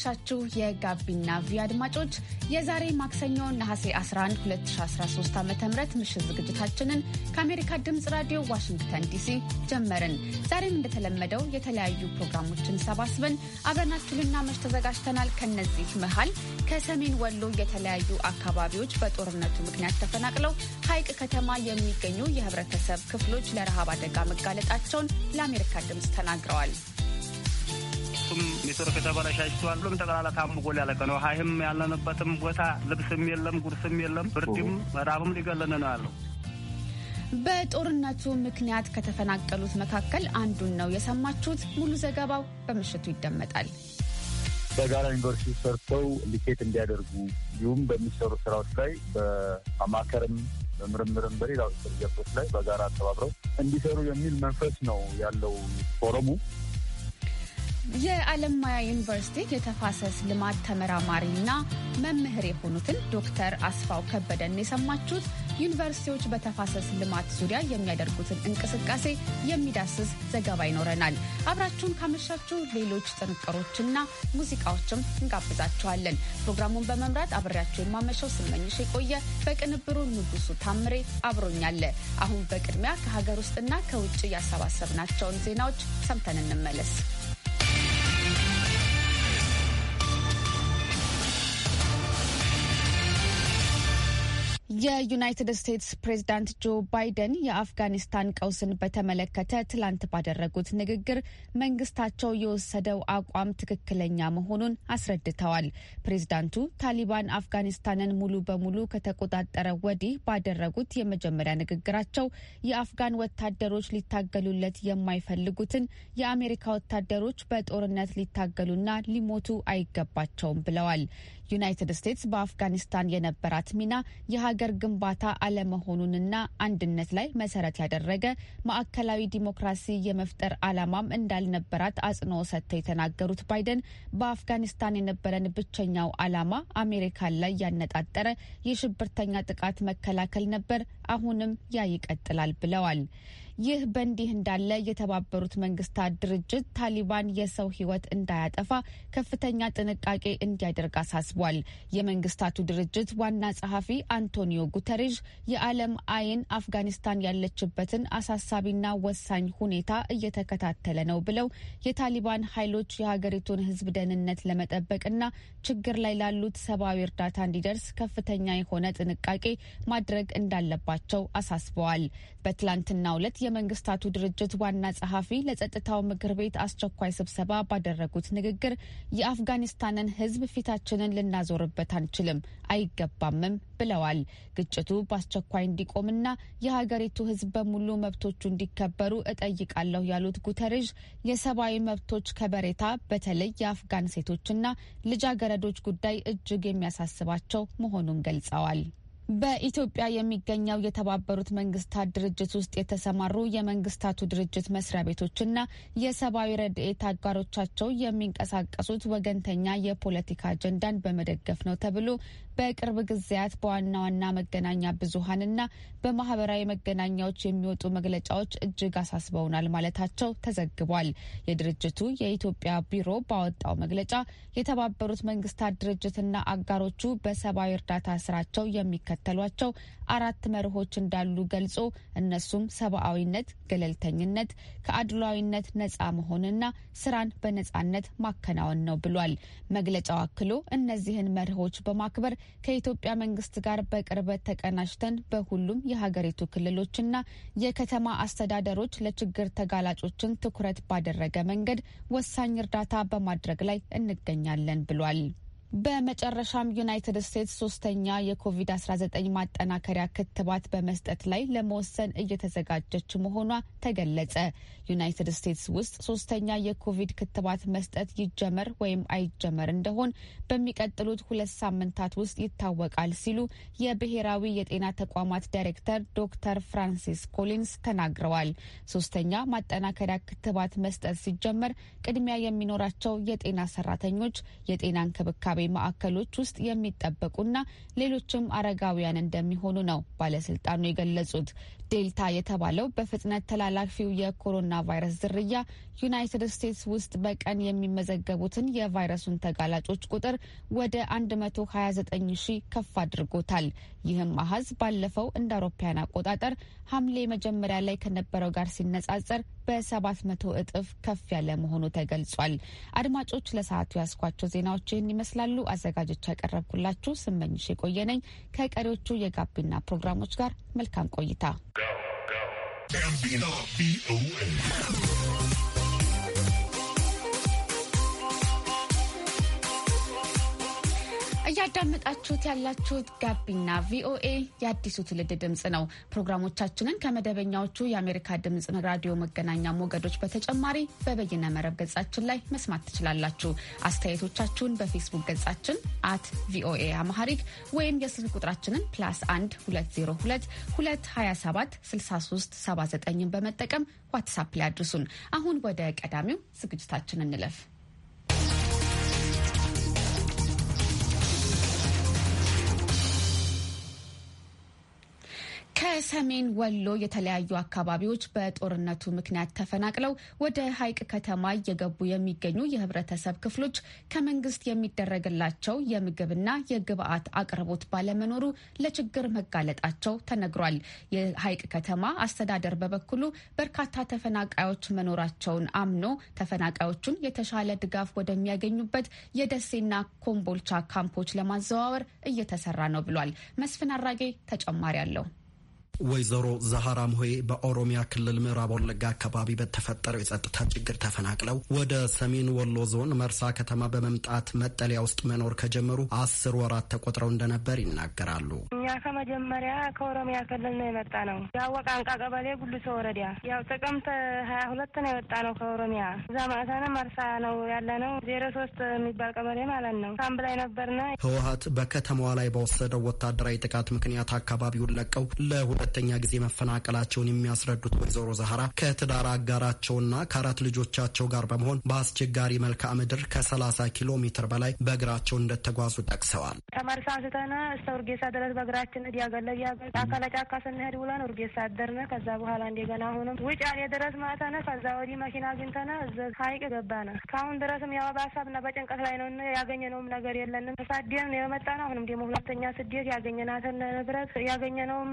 አመሻችሁ የጋቢና ቪ አድማጮች የዛሬ ማክሰኞ ነሐሴ 11 2013 ዓ ም ምሽት ዝግጅታችንን ከአሜሪካ ድምፅ ራዲዮ ዋሽንግተን ዲሲ ጀመርን። ዛሬም እንደተለመደው የተለያዩ ፕሮግራሞችን ሰባስበን አብረናችሁ ልናመሽ ተዘጋጅተናል። ከነዚህ መሃል ከሰሜን ወሎ የተለያዩ አካባቢዎች በጦርነቱ ምክንያት ተፈናቅለው ሐይቅ ከተማ የሚገኙ የህብረተሰብ ክፍሎች ለረሃብ አደጋ መጋለጣቸውን ለአሜሪካ ድምፅ ተናግረዋል። ሁለቱም ኔትወርክ ተበለሻሽቷል። ሁሉም ጠቅላላ ታምጎ ሊያለቀ ነው። ሀይህም ያለንበትም ቦታ ልብስም የለም፣ ጉርስም የለም፣ ብርድም መራብም ሊገለን ነው ያለው። በጦርነቱ ምክንያት ከተፈናቀሉት መካከል አንዱን ነው የሰማችሁት። ሙሉ ዘገባው በምሽቱ ይደመጣል። በጋራ ዩኒቨርሲቲ ሰርተው ልኬት እንዲያደርጉ እንዲሁም በሚሰሩ ስራዎች ላይ በአማከርም በምርምርም በሌላ ፕሮጀክቶች ላይ በጋራ አተባብረው እንዲሰሩ የሚል መንፈስ ነው ያለው ፎረሙ። የአለማያ ዩኒቨርሲቲ የተፋሰስ ልማት ተመራማሪና መምህር የሆኑትን ዶክተር አስፋው ከበደን የሰማችሁት ዩኒቨርሲቲዎች በተፋሰስ ልማት ዙሪያ የሚያደርጉትን እንቅስቃሴ የሚዳስስ ዘገባ ይኖረናል። አብራችሁን ካመሻችሁ ሌሎች ጥንቅሮችና ሙዚቃዎችም እንጋብዛችኋለን። ፕሮግራሙን በመምራት አብሬያችሁ የማመሸው ስመኝሽ የቆየ፣ በቅንብሩ ንጉሱ ታምሬ አብሮኛለ። አሁን በቅድሚያ ከሀገር ውስጥና ከውጭ ያሰባሰብናቸውን ዜናዎች ሰምተን እንመለስ። የዩናይትድ ስቴትስ ፕሬዝዳንት ጆ ባይደን የአፍጋኒስታን ቀውስን በተመለከተ ትላንት ባደረጉት ንግግር መንግስታቸው የወሰደው አቋም ትክክለኛ መሆኑን አስረድተዋል። ፕሬዝዳንቱ ታሊባን አፍጋኒስታንን ሙሉ በሙሉ ከተቆጣጠረ ወዲህ ባደረጉት የመጀመሪያ ንግግራቸው የአፍጋን ወታደሮች ሊታገሉለት የማይፈልጉትን የአሜሪካ ወታደሮች በጦርነት ሊታገሉና ሊሞቱ አይገባቸውም ብለዋል። ዩናይትድ ስቴትስ በአፍጋኒስታን የነበራት ሚና የሀገር የሀገር ግንባታ አለመሆኑንና አንድነት ላይ መሰረት ያደረገ ማዕከላዊ ዲሞክራሲ የመፍጠር አላማም እንዳልነበራት አጽንኦ ሰጥተው የተናገሩት ባይደን በአፍጋኒስታን የነበረን ብቸኛው አላማ አሜሪካን ላይ ያነጣጠረ የሽብርተኛ ጥቃት መከላከል ነበር፣ አሁንም ያ ይቀጥላል ብለዋል። ይህ በእንዲህ እንዳለ የተባበሩት መንግስታት ድርጅት ታሊባን የሰው ሕይወት እንዳያጠፋ ከፍተኛ ጥንቃቄ እንዲያደርግ አሳስቧል። የመንግስታቱ ድርጅት ዋና ጸሐፊ አንቶኒዮ ጉተሬዥ የዓለም አይን አፍጋኒስታን ያለችበትን አሳሳቢና ወሳኝ ሁኔታ እየተከታተለ ነው ብለው የታሊባን ኃይሎች የሀገሪቱን ሕዝብ ደህንነት ለመጠበቅና ችግር ላይ ላሉት ሰብአዊ እርዳታ እንዲደርስ ከፍተኛ የሆነ ጥንቃቄ ማድረግ እንዳለባቸው አሳስበዋል። በትላንትናው ዕለት የመንግስታቱ ድርጅት ዋና ጸሐፊ ለጸጥታው ምክር ቤት አስቸኳይ ስብሰባ ባደረጉት ንግግር የአፍጋኒስታንን ሕዝብ ፊታችንን ልናዞርበት አንችልም፣ አይገባምም ብለዋል። ግጭቱ በአስቸኳይ እንዲቆምና የሀገሪቱ ሕዝብ በሙሉ መብቶቹ እንዲከበሩ እጠይቃለሁ ያሉት ጉተሬዥ የሰብአዊ መብቶች ከበሬታ በተለይ የአፍጋን ሴቶችና ልጃገረዶች ጉዳይ እጅግ የሚያሳስባቸው መሆኑን ገልጸዋል። በኢትዮጵያ የሚገኘው የተባበሩት መንግስታት ድርጅት ውስጥ የተሰማሩ የመንግስታቱ ድርጅት መስሪያ ቤቶችና የሰብአዊ ረድኤት አጋሮቻቸው የሚንቀሳቀሱት ወገንተኛ የፖለቲካ አጀንዳን በመደገፍ ነው ተብሎ በቅርብ ጊዜያት በዋና ዋና መገናኛ ብዙኃንና በማህበራዊ መገናኛዎች የሚወጡ መግለጫዎች እጅግ አሳስበውናል ማለታቸው ተዘግቧል። የድርጅቱ የኢትዮጵያ ቢሮ ባወጣው መግለጫ የተባበሩት መንግስታት ድርጅትና አጋሮቹ በሰብአዊ እርዳታ ስራቸው የሚከተሏቸው አራት መርሆች እንዳሉ ገልጾ እነሱም ሰብአዊነት፣ ገለልተኝነት፣ ከአድሏዊነት ነጻ መሆንና ስራን በነጻነት ማከናወን ነው ብሏል። መግለጫው አክሎ እነዚህን መርሆች በማክበር ከኢትዮጵያ መንግስት ጋር በቅርበት ተቀናጅተን በሁሉም የሀገሪቱ ክልሎችና የከተማ አስተዳደሮች ለችግር ተጋላጮችን ትኩረት ባደረገ መንገድ ወሳኝ እርዳታ በማድረግ ላይ እንገኛለን ብሏል። በመጨረሻም ዩናይትድ ስቴትስ ሶስተኛ የኮቪድ-19 ማጠናከሪያ ክትባት በመስጠት ላይ ለመወሰን እየተዘጋጀች መሆኗ ተገለጸ። ዩናይትድ ስቴትስ ውስጥ ሶስተኛ የኮቪድ ክትባት መስጠት ይጀመር ወይም አይጀመር እንደሆን በሚቀጥሉት ሁለት ሳምንታት ውስጥ ይታወቃል ሲሉ የብሔራዊ የጤና ተቋማት ዳይሬክተር ዶክተር ፍራንሲስ ኮሊንስ ተናግረዋል። ሶስተኛ ማጠናከሪያ ክትባት መስጠት ሲጀመር ቅድሚያ የሚኖራቸው የጤና ሰራተኞች የጤና እንክብካቤ እንክብካቤ ማዕከሎች ውስጥ የሚጠበቁና ሌሎችም አረጋውያን እንደሚሆኑ ነው ባለስልጣኑ የገለጹት። ዴልታ የተባለው በፍጥነት ተላላፊው የኮሮና ቫይረስ ዝርያ ዩናይትድ ስቴትስ ውስጥ በቀን የሚመዘገቡትን የቫይረሱን ተጋላጮች ቁጥር ወደ 129 ሺህ ከፍ አድርጎታል። ይህም አሀዝ ባለፈው እንደ አውሮፓያን አቆጣጠር ሐምሌ መጀመሪያ ላይ ከነበረው ጋር ሲነጻጸር በሰባት መቶ እጥፍ ከፍ ያለ መሆኑ ተገልጿል። አድማጮች ለሰዓቱ ያስኳቸው ዜናዎች ይህን ይመስላሉ። አዘጋጆች ያቀረብኩላችሁ ስመኝሽ የቆየነኝ ከቀሪዎቹ የጋቢና ፕሮግራሞች ጋር መልካም ቆይታ። እያዳመጣችሁት ያላችሁት ጋቢና ቪኦኤ የአዲሱ ትውልድ ድምፅ ነው። ፕሮግራሞቻችንን ከመደበኛዎቹ የአሜሪካ ድምፅ ራዲዮ መገናኛ ሞገዶች በተጨማሪ በበይነ መረብ ገጻችን ላይ መስማት ትችላላችሁ። አስተያየቶቻችሁን በፌስቡክ ገጻችን አት ቪኦኤ አማሐሪክ ወይም የስልክ ቁጥራችንን ፕላስ 1 202 227 6379 በመጠቀም ዋትሳፕ ላይ አድርሱን። አሁን ወደ ቀዳሚው ዝግጅታችን እንለፍ። ከሰሜን ወሎ የተለያዩ አካባቢዎች በጦርነቱ ምክንያት ተፈናቅለው ወደ ሀይቅ ከተማ እየገቡ የሚገኙ የህብረተሰብ ክፍሎች ከመንግስት የሚደረግላቸው የምግብና የግብአት አቅርቦት ባለመኖሩ ለችግር መጋለጣቸው ተነግሯል። የሀይቅ ከተማ አስተዳደር በበኩሉ በርካታ ተፈናቃዮች መኖራቸውን አምኖ ተፈናቃዮቹን የተሻለ ድጋፍ ወደሚያገኙበት የደሴና ኮምቦልቻ ካምፖች ለማዘዋወር እየተሰራ ነው ብሏል። መስፍን አራጌ ተጨማሪ አለው። ወይዘሮ ዛሃራ ምሆይ በኦሮሚያ ክልል ምዕራብ ወለጋ አካባቢ በተፈጠረው የጸጥታ ችግር ተፈናቅለው ወደ ሰሜን ወሎ ዞን መርሳ ከተማ በመምጣት መጠለያ ውስጥ መኖር ከጀመሩ አስር ወራት ተቆጥረው እንደነበር ይናገራሉ። እኛ ከመጀመሪያ ከኦሮሚያ ክልል ነው የመጣ ነው። ያወቃ አንቃ ቀበሌ ጉልሶ ወረዳ ያው ጥቅምት ሀያ ሁለት ነው የወጣ ነው ከኦሮሚያ እዛ ማእሳነ መርሳ ነው ያለ ነው ዜሮ ሶስት የሚባል ቀበሌ ማለት ነው። ካምፕ ላይ ነበርና ህወሀት በከተማዋ ላይ በወሰደው ወታደራዊ ጥቃት ምክንያት አካባቢውን ለቀው ለሁለት ለሁለተኛ ጊዜ መፈናቀላቸውን የሚያስረዱት ወይዘሮ ዛህራ ከትዳር አጋራቸውና ከአራት ልጆቻቸው ጋር በመሆን በአስቸጋሪ መልክዓ ምድር ከ30 ኪሎ ሜትር በላይ በእግራቸው እንደተጓዙ ጠቅሰዋል። ከመርሳ አንስተን እስከ ውርጌሳ ድረስ በእግራችን እያገለ እያገል ጫካ ለጫካ ስንሄድ ውለን ውርጌሳ አደርነ። ከዛ በኋላ እንደገና አሁንም ውጫሌ ድረስ ማተነ። ከዛ ወዲህ መኪና አግኝተነ እዘ ሀይቅ ገባነ። ከአሁን ድረስም ያው በሀሳብና በጭንቀት ላይ ነው። ያገኘነውም ነገር የለንም። ተሳደን የመጣ ነው። አሁንም ደግሞ ሁለተኛ ስደት ያገኘናትን ንብረት ያገኘነውም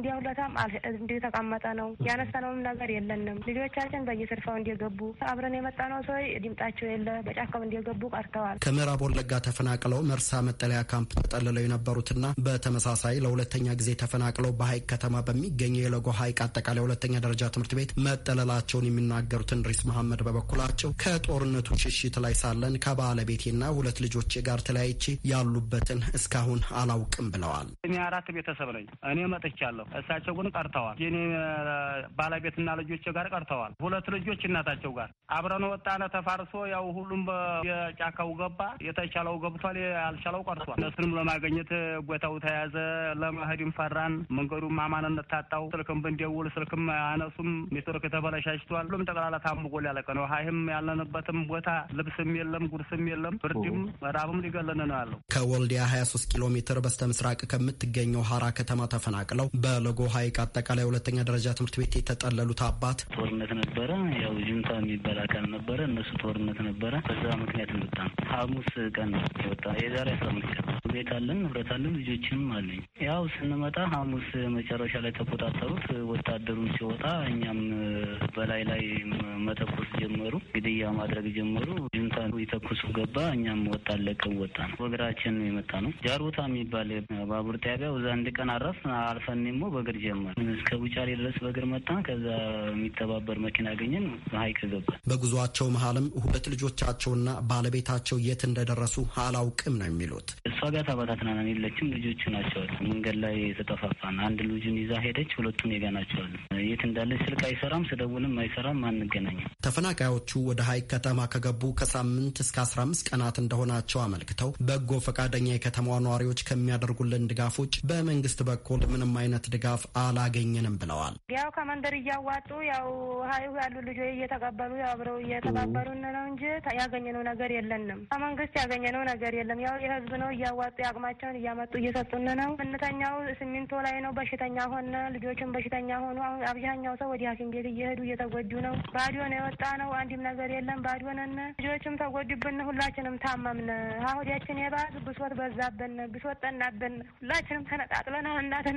እንዲያሁለታም እንዲተቀመጠ ነው። ያነሳነውም ነገር የለንም። ልጆቻችን በየስርፋው እንዲገቡ አብረን የመጣ ነው። ሰው ድምጣቸው የለ በጫካው እንዲገቡ ቀርተዋል። ከምዕራብ ወለጋ ተፈናቅለው መርሳ መጠለያ ካምፕ ተጠልለው የነበሩትና በተመሳሳይ ለሁለተኛ ጊዜ ተፈናቅለው በሀይቅ ከተማ በሚገኘው የለጎ ሀይቅ አጠቃላይ ሁለተኛ ደረጃ ትምህርት ቤት መጠለላቸውን የሚናገሩትን ሪስ መሐመድ በበኩላቸው ከጦርነቱ ሽሽት ላይ ሳለን ከባለቤቴና ሁለት ልጆቼ ጋር ተለያይቼ ያሉበትን እስካሁን አላውቅም ብለዋል። እኔ አራት ቤተሰብ ነኝ። እኔ መጥቻለሁ። እሳቸው ግን ቀርተዋል። የኔ ባለቤትና ልጆች ጋር ቀርተዋል። ሁለት ልጆች እናታቸው ጋር አብረን ወጣነ። ተፋርሶ ያው ሁሉም የጫካው ገባ። የተቻለው ገብቷል፣ ያልቻለው ቀርቷል። እነሱንም ለማገኘት ቦታው ተያዘ። ለመሄድም ፈራን። መንገዱም ማማንነት ታጣው። ስልክም ብንደውል ስልክም አነሱም። ኔትወርክ ተበለሻሽቷል። ሁሉም ጠቅላላ ታምጎ ሊያለቀ ነው። ሀይም ያለንበትም ቦታ ልብስም የለም፣ ጉርስም የለም፣ ብርድም ራብም ሊገለን ነው ያለው። ከወልዲያ 23 ኪሎ ሜትር በስተ ምስራቅ ከምትገኘው ሀራ ከተማ ተፈናቅለው በ በለጎ ሀይቅ አጠቃላይ ሁለተኛ ደረጃ ትምህርት ቤት የተጠለሉት አባት ጦርነት ነበረ። ያው ጁንታ የሚባል አካል ነበረ። እነሱ ጦርነት ነበረ። በዛ ምክንያት እንወጣ ሐሙስ ቀን ወጣ። የዛሬ አስራ አምስት ቀን ቤት አለን፣ ንብረት አለን፣ ልጆችንም አለኝ። ያው ስንመጣ ሐሙስ መጨረሻ ላይ ተቆጣጠሩት። ወታደሩም ሲወጣ እኛም በላይ ላይ መተኮስ ጀመሩ፣ ግድያ ማድረግ ጀመሩ። ጁንታ ይተኩሱ ገባ። እኛም ወጣ ለቀን ወጣ ነው። በእግራችን የመጣ ነው። ጃሮታ የሚባል ባቡር ጣቢያ እዛ አንድ ቀን አረፍ አልፈን ደግሞ በእግር ጀመር። እስከ ቡጫሌ ድረስ በእግር መጣ። ከዛ የሚተባበር መኪና አገኘን፣ ሀይቅ ገባል። በጉዟቸው መሀልም ሁለት ልጆቻቸውና ባለቤታቸው የት እንደደረሱ አላውቅም ነው የሚሉት። እሷ ጋር ተበታትናናን የለችም፣ ልጆቹ ናቸዋል። መንገድ ላይ ተጠፋፋን። አንድ ልጁን ይዛ ሄደች፣ ሁለቱን ጋ ናቸዋል። የት እንዳለች ስልክ አይሰራም፣ ስደውልም አይሰራም፣ አንገናኝም። ተፈናቃዮቹ ወደ ሀይቅ ከተማ ከገቡ ከሳምንት እስከ አስራ አምስት ቀናት እንደሆናቸው አመልክተው በጎ ፈቃደኛ የከተማዋ ነዋሪዎች ከሚያደርጉልን ድጋፎች በመንግስት በኩል ምንም አይነት ድጋፍ አላገኘንም ብለዋል። ያው ከመንደር እያዋጡ ያው ሀይሁ ያሉ ልጆች እየተቀበሉ ያው አብረው እየተባበሩን ነው እንጂ ያገኘነው ነገር የለንም። ከመንግስት ያገኘነው ነገር የለም። ያው የህዝብ ነው እያዋጡ የአቅማቸውን እያመጡ እየሰጡን ነው። ምንተኛው ሲሚንቶ ላይ ነው። በሽተኛ ሆነ ልጆችን በሽተኛ ሆኑ። አሁን አብዛኛው ሰው ወደ ሐኪም ቤት እየሄዱ እየተጎዱ ነው። ባዲዮ ነው የወጣ ነው። አንድም ነገር የለም። ባዲዮ ነን። ልጆችም ተጎዱብን። ሁላችንም ታመምነ። ሀሁዲያችን የባሰ ብሶት በዛብን፣ ብሶት ጠናብን። ሁላችንም ተነጣጥለን እናትን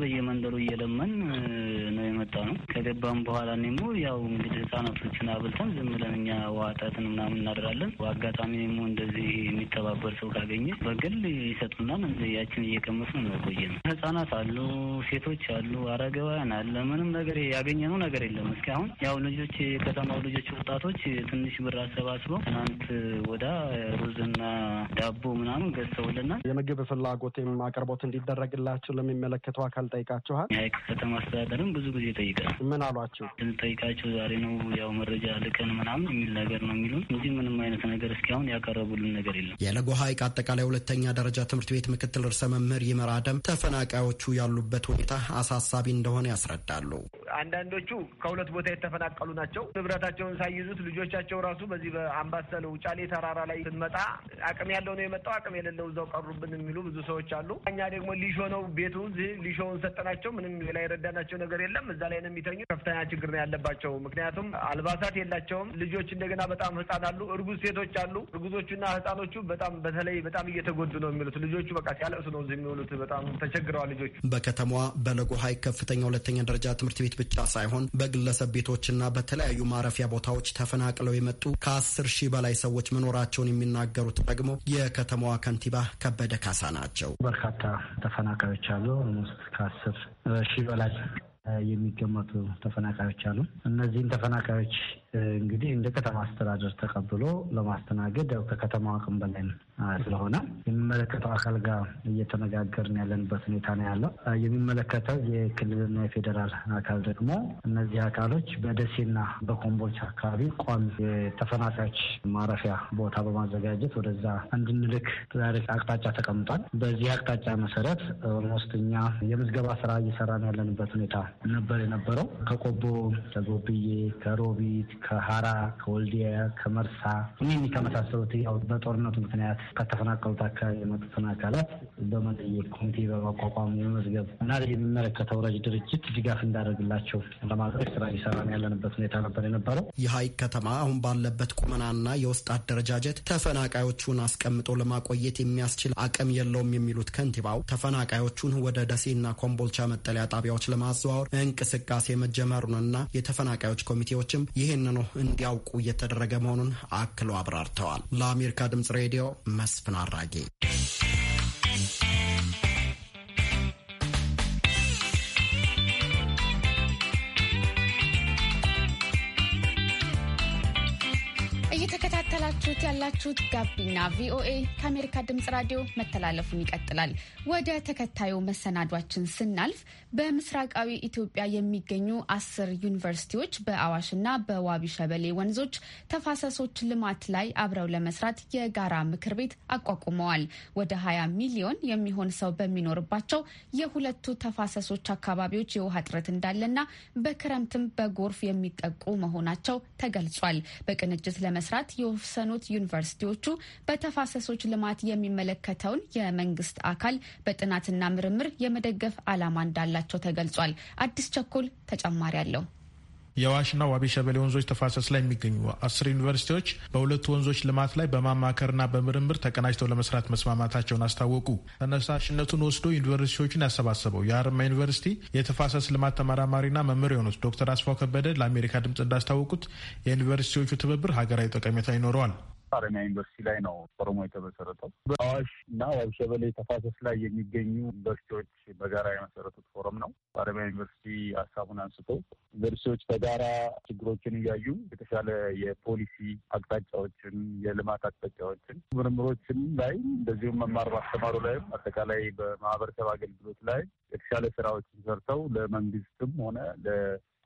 በየመንደሩ እየለመን ነው የመጣ ነው። ከገባም በኋላ ኔሞ ያው እንግዲህ ህጻናቶችን አብልተን ዝም ብለን እኛ ዋጣትን ምናምን እናደራለን። በአጋጣሚ ሞ እንደዚህ የሚተባበር ሰው ካገኘ በግል ይሰጡናል። ያችን እየቀመሱ ነው ቆየ ነው። ህጻናት አሉ፣ ሴቶች አሉ፣ አረጋውያን አለ። ምንም ነገር ያገኘነው ነገር የለም እስኪ አሁን። ያው ልጆች የከተማው ልጆች ወጣቶች ትንሽ ብር አሰባስበው ትናንት ወዳ ሩዝና ዳቦ ምናምን ገዝተውልናል። የምግብ ፍላጎት አቅርቦት እንዲደረግላቸው ለሚመለከተው አካል ጠይቃችኋል? ከተማ አስተዳደርም ብዙ ጊዜ ጠይቀናል። ምን አሏቸው? ጠይቃቸው ዛሬ ነው ያው መረጃ ልቀን ምናምን የሚል ነገር ነው የሚሉን እንጂ ምንም አይነት ነገር እስካሁን ያቀረቡልን ነገር የለም። የለጎ ሀይቅ አጠቃላይ ሁለተኛ ደረጃ ትምህርት ቤት ምክትል ርዕሰ መምህር ይመር አደም ተፈናቃዮቹ ያሉበት ሁኔታ አሳሳቢ እንደሆነ ያስረዳሉ። አንዳንዶቹ ከሁለት ቦታ የተፈናቀሉ ናቸው። ንብረታቸውን ሳይይዙት ልጆቻቸው ራሱ በዚህ በአምባሰል ውጫሌ ተራራ ላይ ስንመጣ አቅም ያለው ነው የመጣው፣ አቅም የሌለው እዛው ቀሩብን የሚሉ ብዙ ሰዎች አሉ። እኛ ደግሞ ሊሾ ነው ቤቱን ሊሾውን ሰጠናቸው። ምንም ላይ የረዳናቸው ነገር የለም። እዛ ላይ ነው የሚተኙ። ከፍተኛ ችግር ነው ያለባቸው። ምክንያቱም አልባሳት የላቸውም። ልጆች እንደገና በጣም ህጻን አሉ፣ እርጉዝ ሴቶች አሉ። እርጉዞቹና ህጻኖቹ በጣም በተለይ በጣም እየተጎዱ ነው የሚሉት። ልጆቹ በቃ ሲያለቅሱ ነው የሚውሉት። በጣም ተቸግረዋል ልጆቹ። በከተማዋ በለጎ ሀይቅ ከፍተኛ ሁለተኛ ደረጃ ትምህርት ቤት ብቻ ሳይሆን በግለሰብ ቤቶችና በተለያዩ ማረፊያ ቦታዎች ተፈናቅለው የመጡ ከአስር ሺህ በላይ ሰዎች መኖራቸውን የሚናገሩት ደግሞ የከተማዋ ከንቲባ ከበደ ካሳ ናቸው። በርካታ ተፈናቃዮች አሉ። ከአስር ሺህ በላይ የሚገመቱ ተፈናቃዮች አሉ። እነዚህን ተፈናቃዮች እንግዲህ እንደ ከተማ አስተዳደር ተቀብሎ ለማስተናገድ ያው ከከተማ አቅም በላይ ስለሆነ የሚመለከተው አካል ጋር እየተነጋገርን ያለንበት ሁኔታ ነው ያለው። የሚመለከተው የክልልና የፌዴራል አካል ደግሞ እነዚህ አካሎች በደሴና በኮምቦልቻ አካባቢ ቋሚ የተፈናቃዮች ማረፊያ ቦታ በማዘጋጀት ወደዛ እንድንልክ አቅጣጫ ተቀምጧል። በዚህ አቅጣጫ መሰረት ኦልሞስት እኛ የምዝገባ ስራ እየሰራን ያለንበት ሁኔታ ነበር የነበረው ከቆቦ ከጎብዬ ከሮቢት ከሀራ፣ ከወልዲያ፣ ከመርሳ እኒህ ከመሳሰሉት ያው በጦርነቱ ምክንያት ከተፈናቀሉት አካባቢ የመጡትን አካላት በመለየት ኮሚቴ በማቋቋም የመዝገብ እና የሚመለከተው ረጅ ድርጅት ድጋፍ እንዳደረግላቸው ለማድረግ ስራ እየሰራ ያለንበት ሁኔታ ነበር የነበረው። የሀይቅ ከተማ አሁን ባለበት ቁመናና የውስጥ አደረጃጀት ተፈናቃዮቹን አስቀምጦ ለማቆየት የሚያስችል አቅም የለውም የሚሉት ከንቲባው ተፈናቃዮቹን ወደ ደሴና ኮምቦልቻ መጠለያ ጣቢያዎች ለማዘዋወር እንቅስቃሴ መጀመሩንና የተፈናቃዮች ኮሚቴዎችም ይህን ተንተንኖ እንዲያውቁ እየተደረገ መሆኑን አክለው አብራርተዋል። ለአሜሪካ ድምጽ ሬዲዮ መስፍን አራጌ እያዳመጣችሁት ያላችሁት ጋቢና ቪኦኤ ከአሜሪካ ድምጽ ራዲዮ መተላለፉን ይቀጥላል። ወደ ተከታዩ መሰናዷችን ስናልፍ በምስራቃዊ ኢትዮጵያ የሚገኙ አስር ዩኒቨርሲቲዎች በአዋሽና በዋቢ ሸበሌ ወንዞች ተፋሰሶች ልማት ላይ አብረው ለመስራት የጋራ ምክር ቤት አቋቁመዋል። ወደ 20 ሚሊዮን የሚሆን ሰው በሚኖርባቸው የሁለቱ ተፋሰሶች አካባቢዎች የውሃ እጥረት እንዳለና በክረምትም በጎርፍ የሚጠቁ መሆናቸው ተገልጿል። በቅንጅት ለመስራት የወሰኑ የሚያጠኑት ዩኒቨርሲቲዎቹ በተፋሰሶች ልማት የሚመለከተውን የመንግስት አካል በጥናትና ምርምር የመደገፍ ዓላማ እንዳላቸው ተገልጿል። አዲስ ቸኮል ተጨማሪ አለው። የዋሽና ዋቢ ሸበሌ ወንዞች ተፋሰስ ላይ የሚገኙ አስር ዩኒቨርሲቲዎች በሁለቱ ወንዞች ልማት ላይ በማማከርና በምርምር ተቀናጅተው ለመስራት መስማማታቸውን አስታወቁ። ተነሳሽነቱን ወስዶ ዩኒቨርሲቲዎቹን ያሰባሰበው የሀረማያ ዩኒቨርሲቲ የተፋሰስ ልማት ተመራማሪና መምህር የሆኑት ዶክተር አስፋው ከበደ ለአሜሪካ ድምፅ እንዳስታወቁት የዩኒቨርሲቲዎቹ ትብብር ሀገራዊ ጠቀሜታ ይኖረዋል። ሀረማያ ዩኒቨርሲቲ ላይ ነው ፎረሙ የተመሰረተው። በአዋሽ እና ዋቢ ተፋሰስ ላይ የሚገኙ ዩኒቨርሲቲዎች በጋራ የመሰረቱት ፎረም ነው። ሀረማያ ዩኒቨርሲቲ ሀሳቡን አንስቶ ዩኒቨርሲቲዎች በጋራ ችግሮችን እያዩ የተሻለ የፖሊሲ አቅጣጫዎችን፣ የልማት አቅጣጫዎችን፣ ምርምሮችን ላይ እንደዚሁም መማር ማስተማሩ ላይም አጠቃላይ በማህበረሰብ አገልግሎት ላይ የተሻለ ስራዎችን ሰርተው ለመንግስትም ሆነ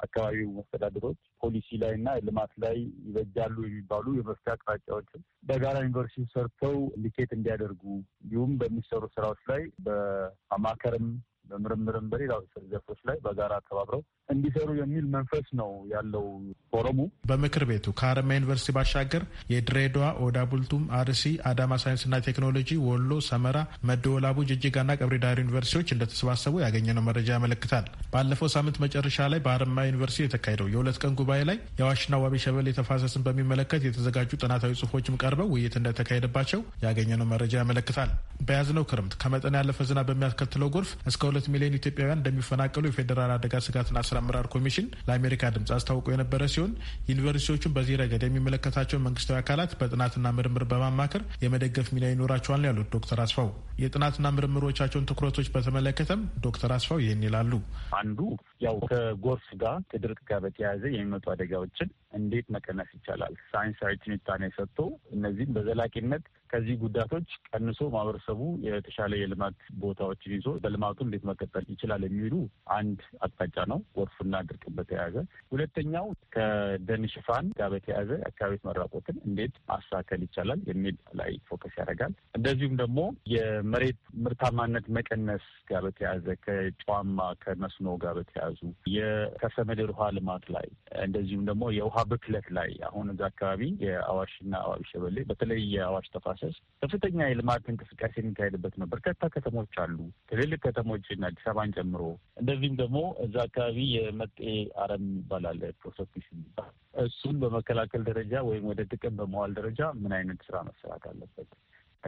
አካባቢው መስተዳድሮች ፖሊሲ ላይ እና ልማት ላይ ይበጃሉ የሚባሉ የመፍትሄ አቅጣጫዎችን በጋራ ዩኒቨርሲቲ ሰርተው ኢንዲኬት እንዲያደርጉ እንዲሁም በሚሰሩ ስራዎች ላይ በአማከርም በምርምርም በሌላ ዘርፎች ላይ በጋራ ተባብረው እንዲሰሩ የሚል መንፈስ ነው ያለው ፎረሙ። በምክር ቤቱ ከሀረማያ ዩኒቨርሲቲ ባሻገር የድሬዳዋ፣ ኦዳ ቡልቱም፣ አርሲ፣ አዳማ ሳይንስና ቴክኖሎጂ፣ ወሎ፣ ሰመራ፣ መደወላቡ፣ ጅጅጋና ቀብሪ ዳሪ ዩኒቨርሲቲዎች እንደተሰባሰቡ ያገኘነው መረጃ ያመለክታል። ባለፈው ሳምንት መጨረሻ ላይ በሀረማያ ዩኒቨርሲቲ የተካሄደው የሁለት ቀን ጉባኤ ላይ የዋሽና ዋቢ ሸበሌ የተፋሰስን በሚመለከት የተዘጋጁ ጥናታዊ ጽሁፎችም ቀርበው ውይይት እንደተካሄደባቸው ያገኘነው መረጃ ያመለክታል። በያዝነው ክረምት ከመጠን ያለፈ ዝናብ በሚያስከትለው ጎርፍ እስከ ሁለት ሚሊዮን ኢትዮጵያውያን እንደሚፈናቀሉ የፌዴራል አደጋ ስጋትና ስራ አመራር ኮሚሽን ለአሜሪካ ድምጽ አስታውቆ የነበረ ሲሆን ዩኒቨርሲቲዎቹን በዚህ ረገድ የሚመለከታቸውን መንግስታዊ አካላት በጥናትና ምርምር በማማከር የመደገፍ ሚና ይኖራቸዋል ያሉት ዶክተር አስፋው የጥናትና ምርምሮቻቸውን ትኩረቶች በተመለከተም ዶክተር አስፋው ይህን ይላሉ። አንዱ ያው ከጎርፍ ጋር ከድርቅ ጋር በተያያዘ የሚመጡ አደጋዎችን እንዴት መቀነስ ይቻላል? ሳይንሳዊ ትንታኔ ሰጥቶ እነዚህም በዘላቂነት ከዚህ ጉዳቶች ቀንሶ ማህበረሰቡ የተሻለ የልማት ቦታዎችን ይዞ በልማቱ እንዴት መቀጠል ይችላል የሚሉ አንድ አቅጣጫ ነው። ጎርፍና ድርቅ በተያያዘ ሁለተኛው ከደን ሽፋን ጋር በተያያዘ አካባቢት መራቆትን እንዴት ማስተካከል ይቻላል የሚል ላይ ፎከስ ያደርጋል። እንደዚሁም ደግሞ የመሬት ምርታማነት መቀነስ ጋር በተያያዘ ከጨዋማ ከመስኖ ጋር በተያያዙ የከርሰ ምድር ውሃ ልማት ላይ እንደዚሁም ደግሞ የውሃ ብክለት ላይ አሁን እዛ አካባቢ የአዋሽና አዋቢ ሸበሌ በተለይ የአዋሽ ተፋሰስ ከፍተኛ የልማት እንቅስቃሴ የሚካሄድበት ነው። በርካታ ከተሞች አሉ፣ ትልልቅ ከተሞች አዲስ አበባን ጨምሮ። እንደዚህም ደግሞ እዛ አካባቢ የመጤ አረም ይባላል ፕሮሶፒስ የሚባል እሱን በመከላከል ደረጃ ወይም ወደ ጥቅም በመዋል ደረጃ ምን አይነት ስራ መሰራት አለበት?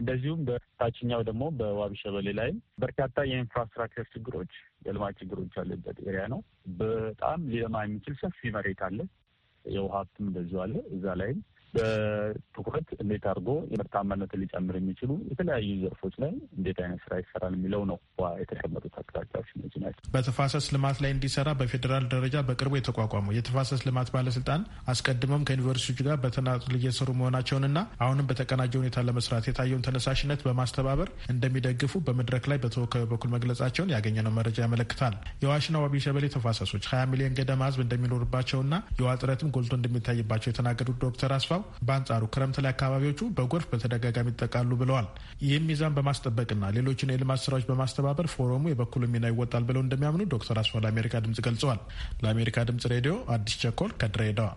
እንደዚሁም በታችኛው ደግሞ በዋቢ ሸበሌ ላይም በርካታ የኢንፍራስትራክቸር ችግሮች የልማት ችግሮች ያለበት ኤሪያ ነው። በጣም ሊለማ የሚችል ሰፊ መሬት አለ። የውሃ ሀብትም እንደዚሁ አለ። እዛ ላይም በትኩረት እንዴት አድርጎ የምርታማነትን ሊጨምር የሚችሉ የተለያዩ ዘርፎች ላይ እንዴት አይነት ስራ ይሰራል የሚለው ነው የተቀመጡት አቅጣጫዎች እነዚህ ናቸው። በተፋሰስ ልማት ላይ እንዲሰራ በፌዴራል ደረጃ በቅርቡ የተቋቋመው የተፋሰስ ልማት ባለስልጣን አስቀድሞም ከዩኒቨርሲቲዎች ጋር በተናጥል እየሰሩ መሆናቸውንና አሁንም በተቀናጀ ሁኔታ ለመስራት የታየውን ተነሳሽነት በማስተባበር እንደሚደግፉ በመድረክ ላይ በተወካዩ በኩል መግለጻቸውን ያገኘነው መረጃ ያመለክታል። የዋሽና ዋቢ ሸበሌ ተፋሰሶች ሀያ ሚሊዮን ገደማ ህዝብ እንደሚኖርባቸውና የውሃ እጥረትም ጎልቶ እንደሚታይባቸው የተናገዱት ዶክተር አስፋው በአንጻሩ ክረምት ላይ አካባቢዎቹ በጎርፍ በተደጋጋሚ ይጠቃሉ ብለዋል። ይህ ሚዛን በማስጠበቅና ሌሎችን የልማት ስራዎች በማስተባበር ፎረሙ የበኩሉ ሚና ይወጣል ብለው እንደሚያምኑ ዶክተር አስፋ ለአሜሪካ ድምጽ ገልጸዋል። ለአሜሪካ ድምጽ ሬዲዮ አዲስ ቸኮል ከድሬዳዋ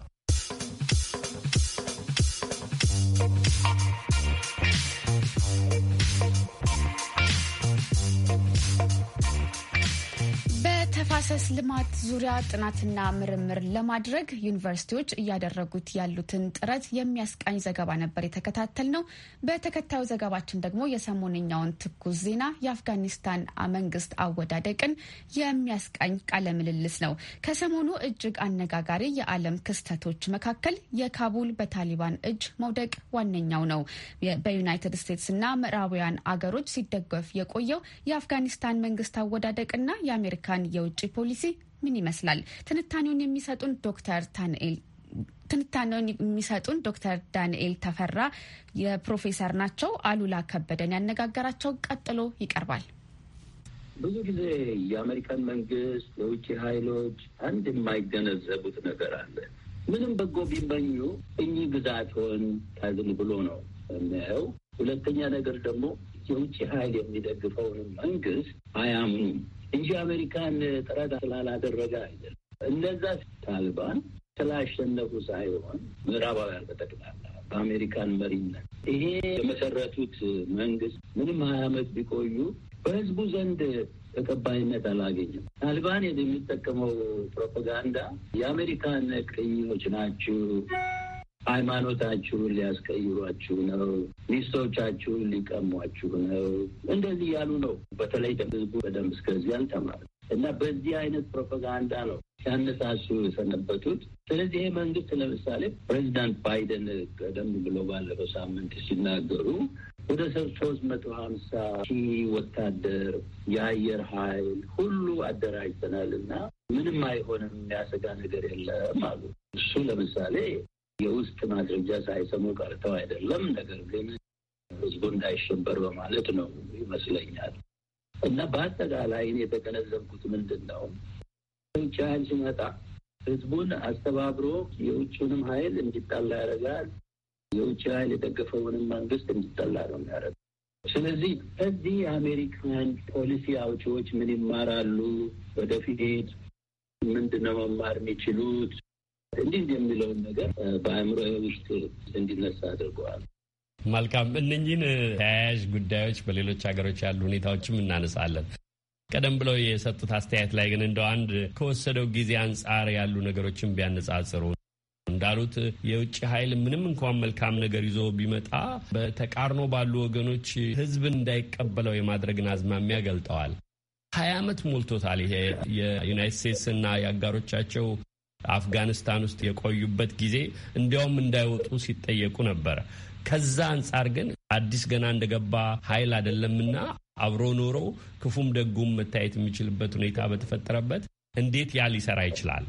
ልማት ዙሪያ ጥናትና ምርምር ለማድረግ ዩኒቨርሲቲዎች እያደረጉት ያሉትን ጥረት የሚያስቃኝ ዘገባ ነበር የተከታተል ነው። በተከታዩ ዘገባችን ደግሞ የሰሞነኛውን ትኩስ ዜና የአፍጋኒስታን መንግስት አወዳደቅን የሚያስቃኝ ቃለ ምልልስ ነው። ከሰሞኑ እጅግ አነጋጋሪ የዓለም ክስተቶች መካከል የካቡል በታሊባን እጅ መውደቅ ዋነኛው ነው። በዩናይትድ ስቴትስና ምዕራባውያን አገሮች ሲደገፍ የቆየው የአፍጋኒስታን መንግስት አወዳደቅና የአሜሪካን የውጭ ፖሊሲ ምን ይመስላል? ትንታኔውን የሚሰጡን ዶክተር ታንኤል ትንታኔውን የሚሰጡን ዶክተር ዳንኤል ተፈራ የፕሮፌሰር ናቸው። አሉላ ከበደን ያነጋገራቸው ቀጥሎ ይቀርባል። ብዙ ጊዜ የአሜሪካን መንግስት፣ የውጭ ኃይሎች አንድ የማይገነዘቡት ነገር አለ። ምንም በጎ ቢመኙ እኚህ ግዛቶን ታግል ብሎ ነው የሚያየው። ሁለተኛ ነገር ደግሞ የውጭ ኃይል የሚደግፈውን መንግስት አያምኑም። እንጂ አሜሪካን ጥረት ስላላደረገ አይደለም። እነዛ ታሊባን ስላሸነፉ ሳይሆን ምዕራባውያን በጠቅላላ በአሜሪካን መሪነት ይሄ የመሰረቱት መንግስት ምንም ሀያ ዓመት ቢቆዩ በህዝቡ ዘንድ ተቀባይነት አላገኘም። ታሊባን የሚጠቀመው ፕሮፓጋንዳ የአሜሪካን ቅኞች ናችሁ ሃይማኖታችሁን ሊያስቀይሯችሁ ነው፣ ሚስቶቻችሁን ሊቀሟችሁ ነው፣ እንደዚህ ያሉ ነው። በተለይ ህዝቡ በደንብ እስከዚህ አልተማረ እና በዚህ አይነት ፕሮፓጋንዳ ነው ሲያነሳሱ የሰነበቱት። ስለዚህ ይሄ መንግስት ለምሳሌ ፕሬዚዳንት ባይደን ቀደም ብሎ ባለፈው ሳምንት ሲናገሩ ወደ ሰብ ሶስት መቶ ሀምሳ ሺህ ወታደር የአየር ኃይል ሁሉ አደራጅተናል እና ምንም አይሆንም የሚያሰጋ ነገር የለም አሉ። እሱ ለምሳሌ የውስጥ ማስረጃ ሳይሰሙ ቀርተው አይደለም። ነገር ግን ህዝቡ እንዳይሸበር በማለት ነው ይመስለኛል። እና በአጠቃላይ እኔ የተገነዘብኩት ምንድን ነው ውጭ ኃይል ሲመጣ ህዝቡን አስተባብሮ የውጭውንም ኃይል እንዲጣላ ያደርጋል። የውጭ ኃይል የደገፈውንም መንግስት እንዲጠላ ነው የሚያደርገው። ስለዚህ እዚህ የአሜሪካን ፖሊሲ አውጪዎች ምን ይማራሉ? ወደፊት ምንድነው መማር የሚችሉት? እንዲህ የሚለውን ነገር በአእምሮ ውስጥ እንዲነሳ አድርገዋል። መልካም። እነኚህን ተያያዥ ጉዳዮች በሌሎች ሀገሮች ያሉ ሁኔታዎችም እናነሳለን። ቀደም ብለው የሰጡት አስተያየት ላይ ግን እንደው አንድ ከወሰደው ጊዜ አንጻር ያሉ ነገሮችን ቢያነጻጽሩ እንዳሉት የውጭ ኃይል ምንም እንኳን መልካም ነገር ይዞ ቢመጣ በተቃርኖ ባሉ ወገኖች ሕዝብን እንዳይቀበለው የማድረግን አዝማሚያ ገልጠዋል። ሀያ ዓመት ሞልቶታል። ይሄ የዩናይት ስቴትስና የአጋሮቻቸው አፍጋኒስታን ውስጥ የቆዩበት ጊዜ እንዲያውም እንዳይወጡ ሲጠየቁ ነበር። ከዛ አንጻር ግን አዲስ ገና እንደገባ ኃይል አይደለምና አብሮ ኖሮ ክፉም ደጉም መታየት የሚችልበት ሁኔታ በተፈጠረበት እንዴት ያ ሊሰራ ይችላል?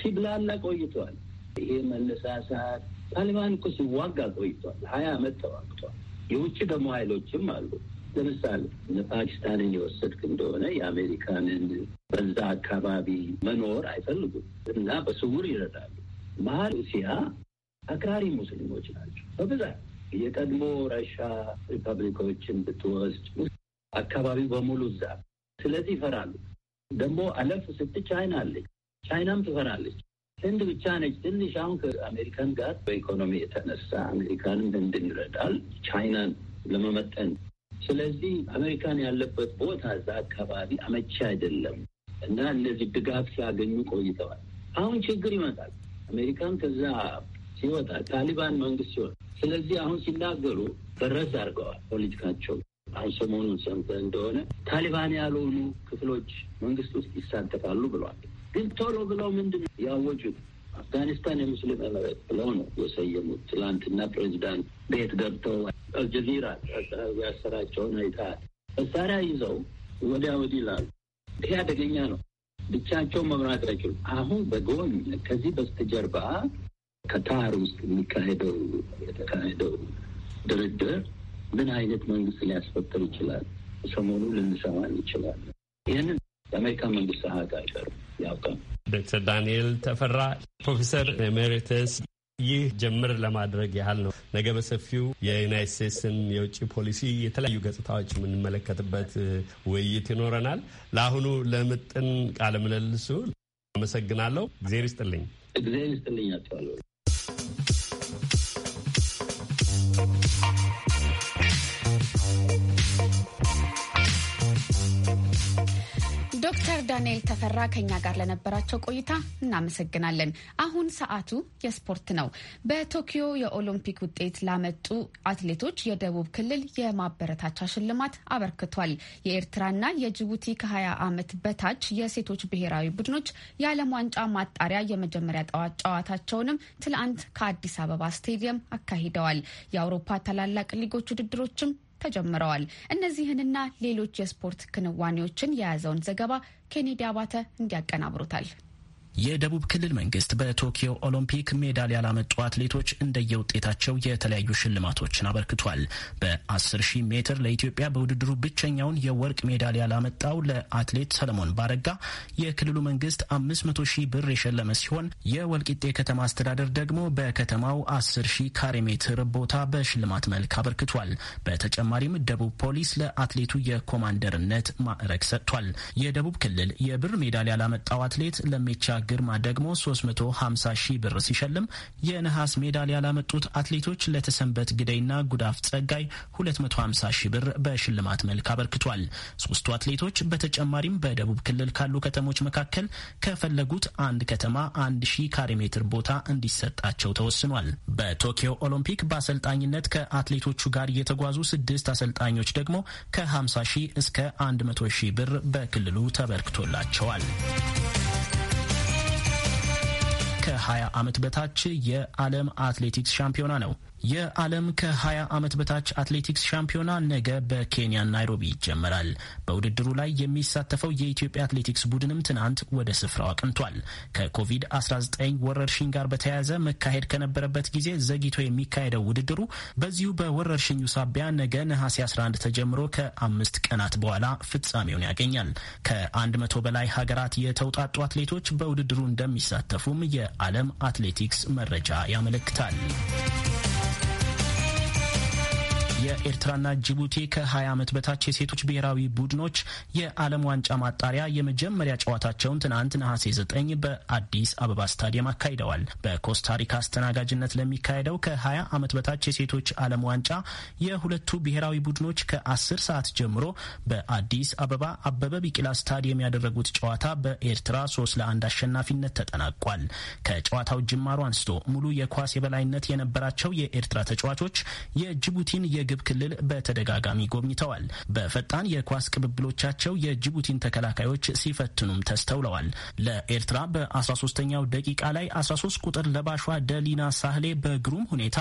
ሲብላላ ቆይቷል። ይሄ መነሳሳት ታሊባን እኮ ሲዋጋ ቆይቷል። ሀያ አመት ተዋግቷል። የውጭ ደግሞ ኃይሎችም አሉ ለምሳሌ ፓኪስታንን የወሰድክ እንደሆነ የአሜሪካንን በዛ አካባቢ መኖር አይፈልጉም እና በስውር ይረዳሉ። መሀል እስያ አክራሪ ሙስሊሞች ናቸው በብዛት የቀድሞ ረሻ ሪፐብሊኮችን ብትወስድ አካባቢው በሙሉ እዛ። ስለዚህ ይፈራሉ። ደግሞ አለፍ ስት ቻይና አለች። ቻይናም ትፈራለች። ህንድ ብቻ ነች ትንሽ አሁን ከአሜሪካን ጋር በኢኮኖሚ የተነሳ አሜሪካንም ህንድን ይረዳል። ቻይናን ለመመጠን ስለዚህ አሜሪካን ያለበት ቦታ እዛ አካባቢ አመቺ አይደለም እና እነዚህ ድጋፍ ሲያገኙ ቆይተዋል። አሁን ችግር ይመጣል። አሜሪካን ከዛ ሲወጣ ታሊባን መንግስት ሲሆን፣ ስለዚህ አሁን ሲናገሩ በረዝ አድርገዋል ፖለቲካቸው። አሁን ሰሞኑን ሰምተ እንደሆነ ታሊባን ያልሆኑ ክፍሎች መንግስት ውስጥ ይሳተፋሉ ብለዋል። ግን ቶሎ ብለው ምንድን ነው ያወጁት? አፍጋኒስታን የሙስሊም ኤምሬት ብለው ነው የሰየሙት። ትላንትና ፕሬዚዳንት ቤት ገብተው አልጀዚራ ያሰራቸውን አይተሃል። መሳሪያ ይዘው ወዲያ ወዲህ ይላሉ። ይህ አደገኛ ነው። ብቻቸው መምራት አይችሉም። አሁን በጎን ከዚህ በስተጀርባ ከታር ውስጥ የሚካሄደው የተካሄደው ድርድር ምን አይነት መንግስት ሊያስፈጥር ይችላል? ሰሞኑ ልንሰማ ይችላል ይህንን የአሜሪካ መንግስት ሀቅ አይቀርም ያውቃል። ዶክተር ዳንኤል ተፈራ ፕሮፌሰር ኤሜሪተስ ይህ ጀምር ለማድረግ ያህል ነው። ነገ በሰፊው የዩናይት ስቴትስን የውጭ ፖሊሲ የተለያዩ ገጽታዎች የምንመለከትበት ውይይት ይኖረናል። ለአሁኑ ለምጥን ቃለ ምልልሱ አመሰግናለሁ። እግዜር ይስጥልኝ። እግዜር ይስጥልኝ። ዳንኤል ተፈራ ከኛ ጋር ለነበራቸው ቆይታ እናመሰግናለን። አሁን ሰዓቱ የስፖርት ነው። በቶኪዮ የኦሎምፒክ ውጤት ላመጡ አትሌቶች የደቡብ ክልል የማበረታቻ ሽልማት አበርክቷል። የኤርትራና የጅቡቲ ከ20 ዓመት በታች የሴቶች ብሔራዊ ቡድኖች የዓለም ዋንጫ ማጣሪያ የመጀመሪያ ጨዋታቸውንም ትላንት ከአዲስ አበባ ስቴዲየም አካሂደዋል። የአውሮፓ ታላላቅ ሊጎች ውድድሮችም ተጀምረዋል። እነዚህንና ሌሎች የስፖርት ክንዋኔዎችን የያዘውን ዘገባ ኬኔዲ አባተ እንዲያቀናብሩታል። የደቡብ ክልል መንግስት በቶኪዮ ኦሎምፒክ ሜዳል ያላመጡ አትሌቶች እንደየውጤታቸው የተለያዩ ሽልማቶችን አበርክቷል። በ10 ሺህ ሜትር ለኢትዮጵያ በውድድሩ ብቸኛውን የወርቅ ሜዳል ያላመጣው ለአትሌት ሰለሞን ባረጋ የክልሉ መንግስት 500 ሺ ብር የሸለመ ሲሆን የወልቂጤ ከተማ አስተዳደር ደግሞ በከተማው 10 ሺህ ካሬ ሜትር ቦታ በሽልማት መልክ አበርክቷል። በተጨማሪም ደቡብ ፖሊስ ለአትሌቱ የኮማንደርነት ማዕረግ ሰጥቷል። የደቡብ ክልል የብር ሜዳል ያላመጣው አትሌት ለሜቻ ግርማ ደግሞ 350 ሺህ ብር ሲሸልም የነሐስ ሜዳሊያ ላመጡት አትሌቶች ለተሰንበት ግደይና ጉዳፍ ጸጋይ 250 ሺህ ብር በሽልማት መልክ አበርክቷል። ሶስቱ አትሌቶች በተጨማሪም በደቡብ ክልል ካሉ ከተሞች መካከል ከፈለጉት አንድ ከተማ 1000 ካሬ ሜትር ቦታ እንዲሰጣቸው ተወስኗል። በቶኪዮ ኦሎምፒክ በአሰልጣኝነት ከአትሌቶቹ ጋር የተጓዙ ስድስት አሰልጣኞች ደግሞ ከ50 ሺህ እስከ 100 ሺህ ብር በክልሉ ተበርክቶላቸዋል። ከ20 ዓመት በታች የዓለም አትሌቲክስ ሻምፒዮና ነው። የዓለም ከ20 ዓመት በታች አትሌቲክስ ሻምፒዮና ነገ በኬንያ ናይሮቢ ይጀመራል። በውድድሩ ላይ የሚሳተፈው የኢትዮጵያ አትሌቲክስ ቡድንም ትናንት ወደ ስፍራው አቅንቷል። ከኮቪድ-19 ወረርሽኝ ጋር በተያያዘ መካሄድ ከነበረበት ጊዜ ዘግይቶ የሚካሄደው ውድድሩ በዚሁ በወረርሽኙ ሳቢያ ነገ ነሐሴ 11 ተጀምሮ ከአምስት ቀናት በኋላ ፍጻሜውን ያገኛል። ከ100 በላይ ሀገራት የተውጣጡ አትሌቶች በውድድሩ እንደሚሳተፉም የዓለም አትሌቲክስ መረጃ ያመለክታል። የኤርትራና ጅቡቲ ከ20 ዓመት በታች የሴቶች ብሔራዊ ቡድኖች የዓለም ዋንጫ ማጣሪያ የመጀመሪያ ጨዋታቸውን ትናንት ነሐሴ 9 በአዲስ አበባ ስታዲየም አካሂደዋል። በኮስታሪካ አስተናጋጅነት ለሚካሄደው ከ20 ዓመት በታች የሴቶች ዓለም ዋንጫ የሁለቱ ብሔራዊ ቡድኖች ከ10 ሰዓት ጀምሮ በአዲስ አበባ አበበ ቢቂላ ስታዲየም ያደረጉት ጨዋታ በኤርትራ 3 ለ1 አሸናፊነት ተጠናቋል። ከጨዋታው ጅማሩ አንስቶ ሙሉ የኳስ የበላይነት የነበራቸው የኤርትራ ተጫዋቾች የጅቡቲን የግብ የምዕራብ ክልል በተደጋጋሚ ጎብኝተዋል። በፈጣን የኳስ ቅብብሎቻቸው የጅቡቲን ተከላካዮች ሲፈትኑም ተስተውለዋል። ለኤርትራ በ13ኛው ደቂቃ ላይ 13 ቁጥር ለባሿ ደሊና ሳህሌ በግሩም ሁኔታ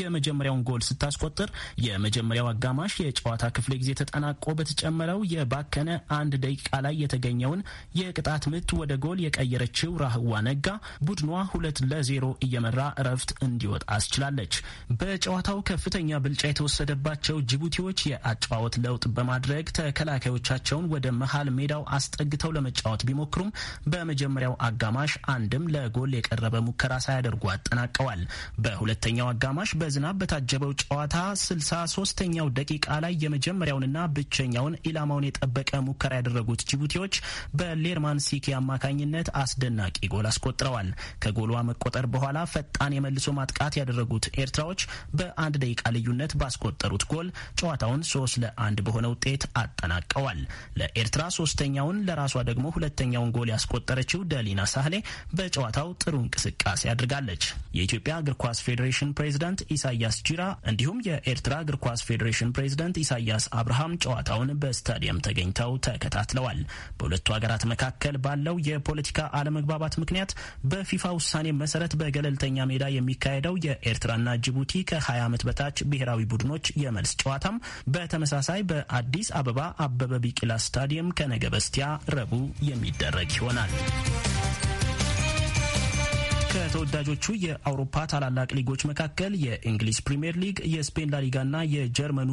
የመጀመሪያውን ጎል ስታስቆጥር የመጀመሪያው አጋማሽ የጨዋታ ክፍለ ጊዜ ተጠናቆ በተጨመረው የባከነ አንድ ደቂቃ ላይ የተገኘውን የቅጣት ምት ወደ ጎል የቀየረችው ራህዋ ነጋ ቡድኗ ሁለት ለዜሮ እየመራ እረፍት እንዲወጣ አስችላለች። በጨዋታው ከፍተኛ ብልጫ የተወሰደ የተወሰደባቸው ጅቡቲዎች የአጨዋወት ለውጥ በማድረግ ተከላካዮቻቸውን ወደ መሀል ሜዳው አስጠግተው ለመጫወት ቢሞክሩም በመጀመሪያው አጋማሽ አንድም ለጎል የቀረበ ሙከራ ሳያደርጉ አጠናቀዋል። በሁለተኛው አጋማሽ በዝናብ በታጀበው ጨዋታ ስልሳ ሶስተኛው ደቂቃ ላይ የመጀመሪያውንና ብቸኛውን ኢላማውን የጠበቀ ሙከራ ያደረጉት ጅቡቲዎች በሌርማን ሲኪ አማካኝነት አስደናቂ ጎል አስቆጥረዋል። ከጎሏ መቆጠር በኋላ ፈጣን የመልሶ ማጥቃት ያደረጉት ኤርትራዎች በአንድ ደቂቃ ልዩነት ባስቆጥ ባስቆጠሩት ጎል ጨዋታውን ሶስት ለአንድ በሆነ ውጤት አጠናቀዋል። ለኤርትራ ሶስተኛውን ለራሷ ደግሞ ሁለተኛውን ጎል ያስቆጠረችው ደሊና ሳህሌ በጨዋታው ጥሩ እንቅስቃሴ አድርጋለች። የኢትዮጵያ እግር ኳስ ፌዴሬሽን ፕሬዝዳንት ኢሳያስ ጂራ እንዲሁም የኤርትራ እግር ኳስ ፌዴሬሽን ፕሬዝዳንት ኢሳያስ አብርሃም ጨዋታውን በስታዲየም ተገኝተው ተከታትለዋል። በሁለቱ ሀገራት መካከል ባለው የፖለቲካ አለመግባባት ምክንያት በፊፋ ውሳኔ መሰረት በገለልተኛ ሜዳ የሚካሄደው የኤርትራና ጅቡቲ ከ20 ዓመት በታች ብሔራዊ ቡድኖች የመልስ ጨዋታም በተመሳሳይ በአዲስ አበባ አበበ ቢቂላ ስታዲየም ከነገ በስቲያ ረቡዕ የሚደረግ ይሆናል። ከተወዳጆቹ የአውሮፓ ታላላቅ ሊጎች መካከል የእንግሊዝ ፕሪምየር ሊግ፣ የስፔን ላሊጋና የጀርመኑ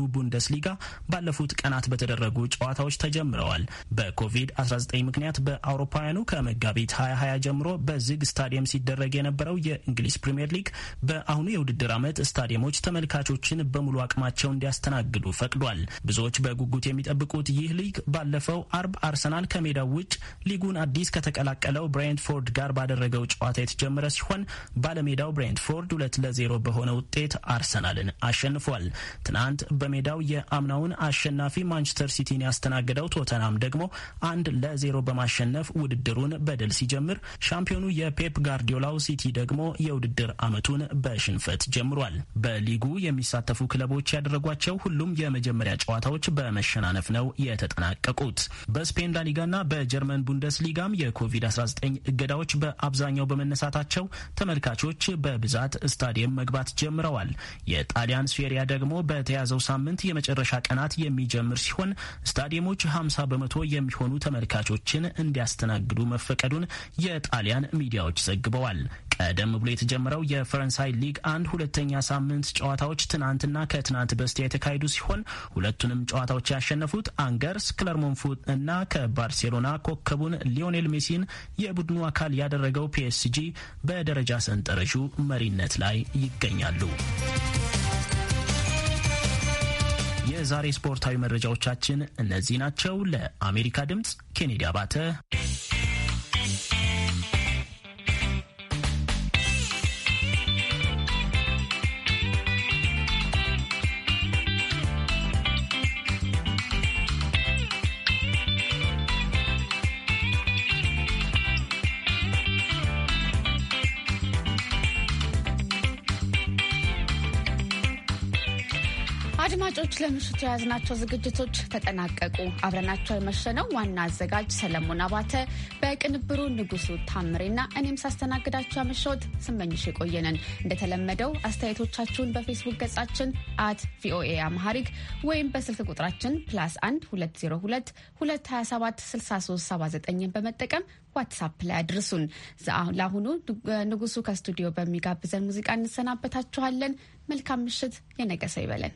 ሊጋ ባለፉት ቀናት በተደረጉ ጨዋታዎች ተጀምረዋል። በኮቪድ-19 ምክንያት በአውሮፓውያኑ ከመጋቢት 2020 ጀምሮ በዝግ ስታዲየም ሲደረግ የነበረው የእንግሊዝ ፕሪምየር ሊግ በአሁኑ የውድድር ዓመት ስታዲየሞች ተመልካቾችን በሙሉ አቅማቸው እንዲያስተናግዱ ፈቅዷል። ብዙዎች በጉጉት የሚጠብቁት ይህ ሊግ ባለፈው አርብ አርሰናል ከሜዳው ውጭ ሊጉን አዲስ ከተቀላቀለው ብሬንትፎርድ ጋር ባደረገው ጨዋታ የተጀመረ የነበረ ሲሆን ባለሜዳው ብሬንትፎርድ ሁለት ለዜሮ በሆነ ውጤት አርሰናልን አሸንፏል። ትናንት በሜዳው የአምናውን አሸናፊ ማንቸስተር ሲቲን ያስተናገደው ቶተናም ደግሞ አንድ ለዜሮ በማሸነፍ ውድድሩን በድል ሲጀምር፣ ሻምፒዮኑ የፔፕ ጋርዲዮላው ሲቲ ደግሞ የውድድር ዓመቱን በሽንፈት ጀምሯል። በሊጉ የሚሳተፉ ክለቦች ያደረጓቸው ሁሉም የመጀመሪያ ጨዋታዎች በመሸናነፍ ነው የተጠናቀቁት። በስፔን ላሊጋና በጀርመን ቡንደስሊጋም የኮቪድ-19 እገዳዎች በአብዛኛው በመነሳታቸው በመሆናቸው ተመልካቾች በብዛት ስታዲየም መግባት ጀምረዋል። የጣሊያን ሴሪያ ደግሞ በተያዘው ሳምንት የመጨረሻ ቀናት የሚጀምር ሲሆን ስታዲየሞች 50 በመቶ የሚሆኑ ተመልካቾችን እንዲያስተናግዱ መፈቀዱን የጣሊያን ሚዲያዎች ዘግበዋል። ቀደም ብሎ የተጀመረው የፈረንሳይ ሊግ አንድ ሁለተኛ ሳምንት ጨዋታዎች ትናንትና ከትናንት በስቲያ የተካሄዱ ሲሆን ሁለቱንም ጨዋታዎች ያሸነፉት አንገርስ ክለርሞንፉ እና ከባርሴሎና ኮከቡን ሊዮኔል ሜሲን የቡድኑ አካል ያደረገው ፒኤስጂ በደረጃ ሰንጠረዡ መሪነት ላይ ይገኛሉ። የዛሬ ስፖርታዊ መረጃዎቻችን እነዚህ ናቸው። ለአሜሪካ ድምፅ ኬኔዲ አባተ አድማጮች ለምሽቱ የያዝናቸው ዝግጅቶች ተጠናቀቁ። አብረናቸው የመሸነው ዋና አዘጋጅ ሰለሞን አባተ፣ በቅንብሩ ንጉሱ ታምሬና እኔም ሳስተናግዳችሁ ያመሸሁት ስመኝሽ የቆየነን። እንደተለመደው አስተያየቶቻችሁን በፌስቡክ ገጻችን አት ቪኦኤ አማሃሪክ ወይም በስልክ ቁጥራችን ፕላስ 1 202 227 6379 በመጠቀም ዋትሳፕ ላይ አድርሱን። ለአሁኑ ንጉሱ ከስቱዲዮ በሚጋብዘን ሙዚቃ እንሰናበታችኋለን። መልካም ምሽት። የነገ ሰው ይበለን።